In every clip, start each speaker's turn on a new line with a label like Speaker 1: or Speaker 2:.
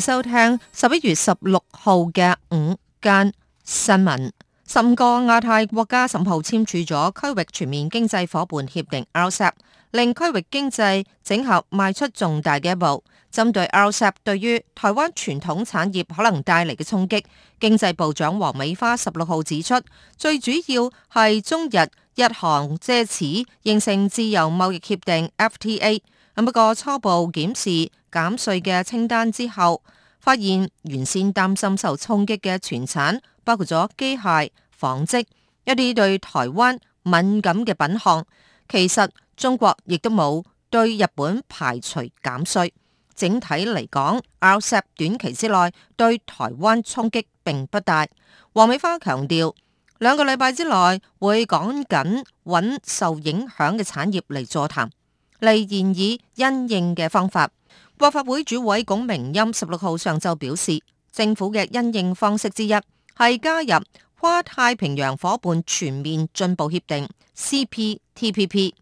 Speaker 1: 收聽十一月十六號嘅午間新聞。十五個亞太國家十號簽署咗區域全面經濟伙伴協定 RCEP 令區域經濟整合邁出重大嘅一步。針對 RCEP 對於台灣傳統產業可能帶嚟嘅衝擊，經濟部長王美花十六號指出，最主要係中日日韓借此形成自由貿易協定 （FTA）。不過初步檢視減稅嘅清單之後，發現原先擔心受衝擊嘅全產，包括咗機械、紡織一啲對台灣敏感嘅品項，其實中國亦都冇對日本排除減稅。整體嚟講，RCEP 短期之內對台灣衝擊並不大。王美花強調，兩個禮拜之內會趕緊揾受影響嘅產業嚟座談。嚟現以因應嘅方法，國發會主委龔明鑫十六號上晝表示，政府嘅因應方式之一係加入跨太平洋伙伴全面進步協定 （CPTPP）。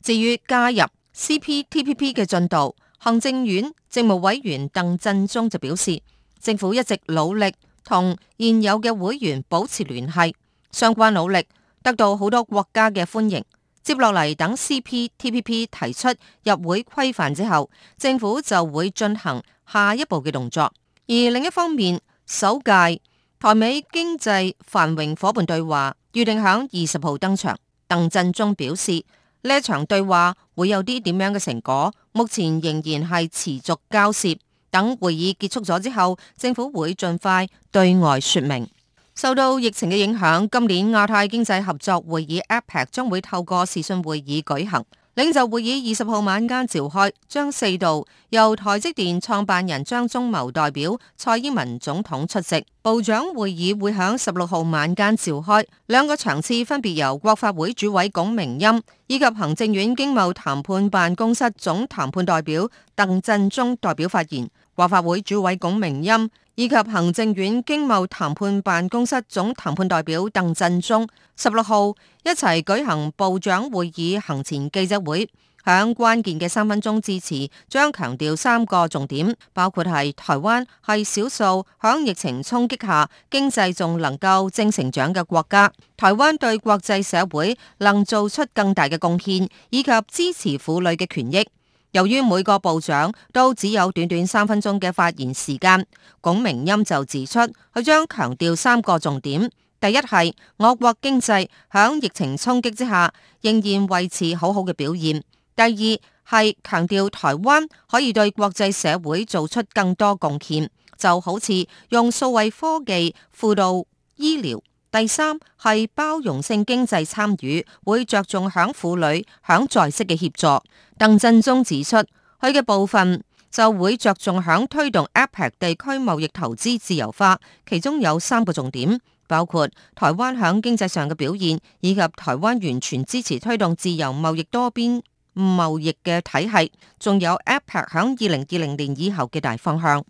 Speaker 1: 至於加入 CPTPP 嘅進度，行政院政務委員鄧振中就表示，政府一直努力同現有嘅會員保持聯繫，相關努力得到好多國家嘅歡迎。接落嚟等 CPTPP 提出入會規範之後，政府就會進行下一步嘅動作。而另一方面，首屆台美經濟繁榮伙伴對話預定響二十號登場。鄧振中表示，呢一場對話會有啲點樣嘅成果，目前仍然係持續交涉。等會議結束咗之後，政府會盡快對外說明。受到疫情嘅影響，今年亞太經濟合作會議 （APEC） 將會透過視訊會議舉行。領袖會議二十號晚間召開，將四度由台積電創辦人張忠謀代表，蔡英文總統出席。部長會議會響十六號晚間召開，兩個場次分別由國法會主委龔明鑫以及行政院經貿談判辦公室總談判代表鄧振中代表發言。立法會主委龔明鑫以及行政院經貿談判辦公室總談判代表鄧振中十六號一齊舉行部長會議行前記者會，響關鍵嘅三分鐘致辭，將強調三個重點，包括係台灣係少數響疫情衝擊下經濟仲能夠正成長嘅國家，台灣對國際社會能做出更大嘅貢獻，以及支持婦女嘅權益。由於每個部長都只有短短三分鐘嘅發言時間，龔明鑫就指出，佢將強調三個重點：第一係我國經濟響疫情沖擊之下仍然維持好好嘅表現；第二係強調台灣可以對國際社會做出更多貢獻，就好似用數位科技輔導醫療。第三係包容性經濟參與，會着重響婦女響在職嘅協助。鄧振中指出，佢嘅部分就會着重響推動 APEC 地區貿易投資自由化，其中有三個重點，包括台灣響經濟上嘅表現，以及台灣完全支持推動自由貿易多邊貿易嘅體系，仲有 APEC 響二零二零年以後嘅大方向。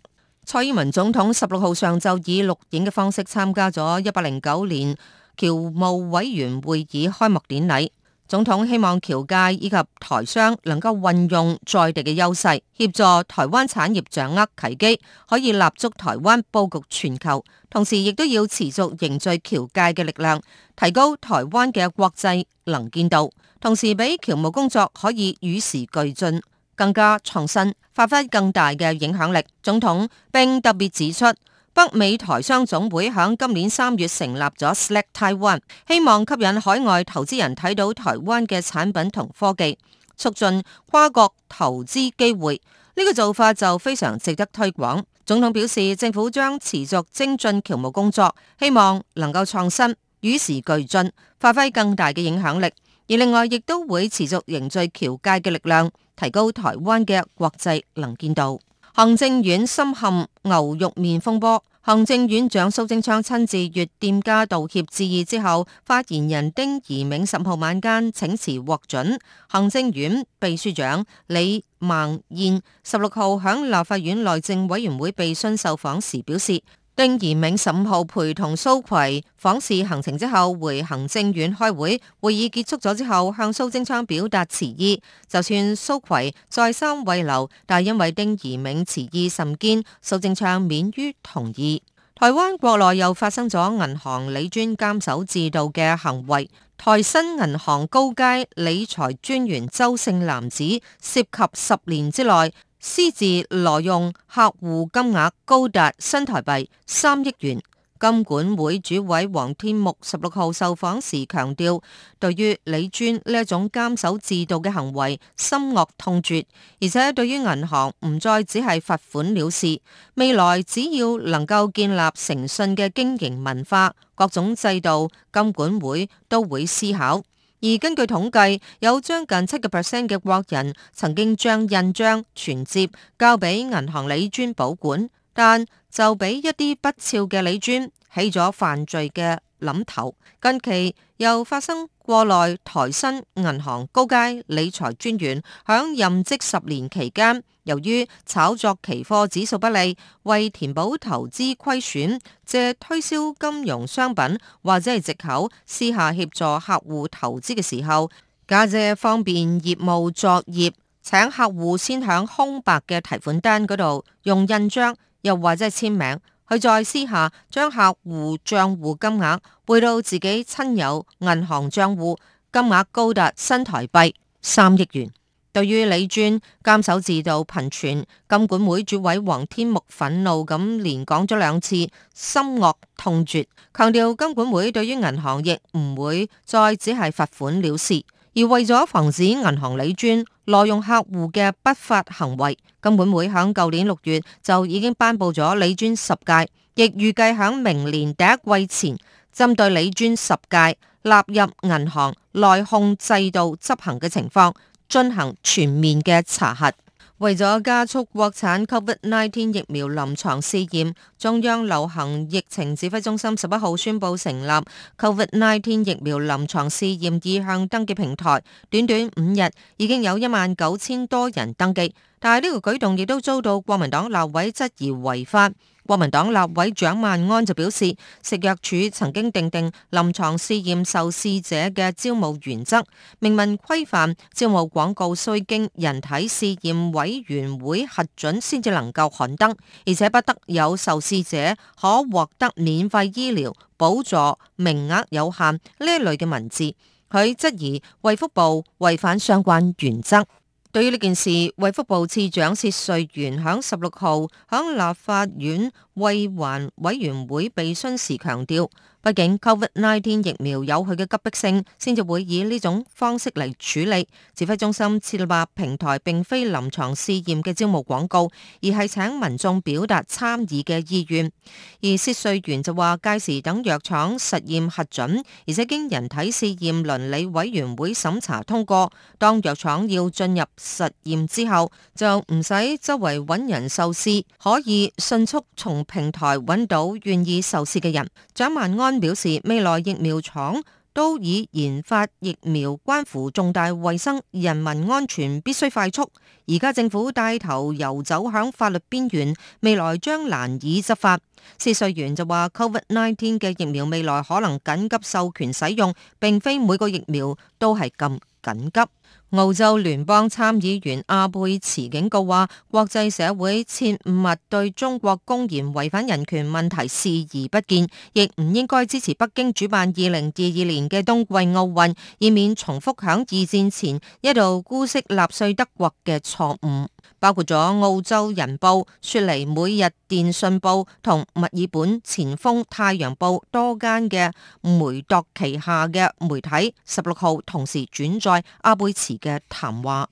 Speaker 1: 蔡英文總統十六號上晝以錄影嘅方式參加咗一百零九年僑務委員會議開幕典禮。總統希望僑界以及台商能夠運用在地嘅優勢，協助台灣產業掌握契機，可以立足台灣佈局全球，同時亦都要持續凝聚僑界嘅力量，提高台灣嘅國際能見度，同時俾僑務工作可以與時俱進。更加創新，發揮更大嘅影響力。總統並特別指出，北美台商總會響今年三月成立咗 Select Taiwan，希望吸引海外投資人睇到台灣嘅產品同科技，促進跨國投資機會。呢個做法就非常值得推廣。總統表示，政府將持續精進僑務工作，希望能夠創新與時俱進，發揮更大嘅影響力。而另外，亦都會持續凝聚僑界嘅力量。提高台灣嘅國際能見度。行政院深陷牛肉麵風波，行政院長蘇貞昌親自越店家道歉致意之後，發言人丁怡銘十號晚間請辭獲准。行政院秘書長李孟燕十六號響立法院內政委員會備詢受訪時表示。丁怡銘十五號陪同蘇葵訪視行程之後，回行政院開會。會議結束咗之後，向蘇貞昌表達辭意。就算蘇葵再三慰留，但因為丁怡銘辭意甚堅，蘇貞昌免於同意。台灣國內又發生咗銀行理專監守自盜嘅行為。台新銀行高階理財專員周姓男子涉及十年之內。私自挪用客戶金額高達新台幣三億元，金管會主委黃天牧十六號受訪時強調，對於李尊呢一種監守自盜嘅行為，深惡痛絕，而且對於銀行唔再只係罰款了事，未來只要能夠建立誠信嘅經營文化、各種制度，金管會都會思考。而根據統計，有將近七個 percent 嘅國人曾經將印章存摺交俾銀行理專保管，但就俾一啲不肖嘅理專起咗犯罪嘅諗頭，近期又發生國內台新銀行高階理財專員響任職十年期間，由於炒作期貨指數不利，為填補投資虧損，借推銷金融商品或者係藉口，私下協助客戶投資嘅時候，假借方便業務作業，請客戶先響空白嘅提款單嗰度用印章又或者係簽名，去再私下將客戶賬戶金額。背到自己親友銀行賬戶，金額高達新台幣三億元。對於理專監守自盜、頻傳，金管會主委黃天牧憤怒咁連講咗兩次，深惡痛絕，強調金管會對於銀行亦唔會再只係罰款了事。而為咗防止銀行理專挪用客戶嘅不法行為，金管會響舊年六月就已經頒布咗理專十戒，亦預計響明年第一季前。針對李專十屆納入銀行內控制度執行嘅情況進行全面嘅查核，為咗加速國產 COVID-19 疫苗臨床試驗，中央流行疫情指揮中心十一號宣布成立 COVID-19 疫苗臨床試驗意向登記平台，短短五日已經有一萬九千多人登記，但係呢個舉動亦都遭到國民黨立委質疑違法。國民黨立委蔣萬安就表示，食藥署曾經訂定臨牀試驗受試者嘅招募原則，明文規範招募廣告需經人體試驗委員會核准先至能夠刊登，而且不得有受試者可獲得免費醫療補助、名額有限呢一類嘅文字。佢質疑衛福部違反相關原則。對於呢件事，衞福部次長薛瑞元喺十六號喺立法院衞環委員會備詢時強調。畢竟 Covid Nineteen 疫苗有佢嘅急迫性，先至會以呢種方式嚟處理。指揮中心設立平台，並非臨床試驗嘅招募廣告，而係請民眾表達參與嘅意願。而薛瑞元就話：屆時等藥廠實驗核准，而且經人體試驗倫理委員會審查通過。當藥廠要進入實驗之後，就唔使周圍揾人受試，可以迅速從平台揾到願意受試嘅人。蔣萬安。表示未來疫苗廠都已研發疫苗關乎重大衛生人民安全，必須快速。而家政府帶頭遊走響法律邊緣，未來將難以執法。試稅員就話，Covid nineteen 嘅疫苗未來可能緊急授權使用，並非每個疫苗都係咁緊急。澳洲聯邦參議員阿貝茨警告話，國際社會切勿對中國公然違反人權問題視而不見，亦唔應該支持北京主辦二零二二年嘅冬季奧運，以免重複響二戰前一度姑息納粹德國嘅錯誤。包括咗澳洲《人報》、雪梨《每日電訊報》同墨爾本《前鋒太陽報》多間嘅梅鐸旗，旗下嘅媒體，十六號同時轉載阿貝茨時嘅談話。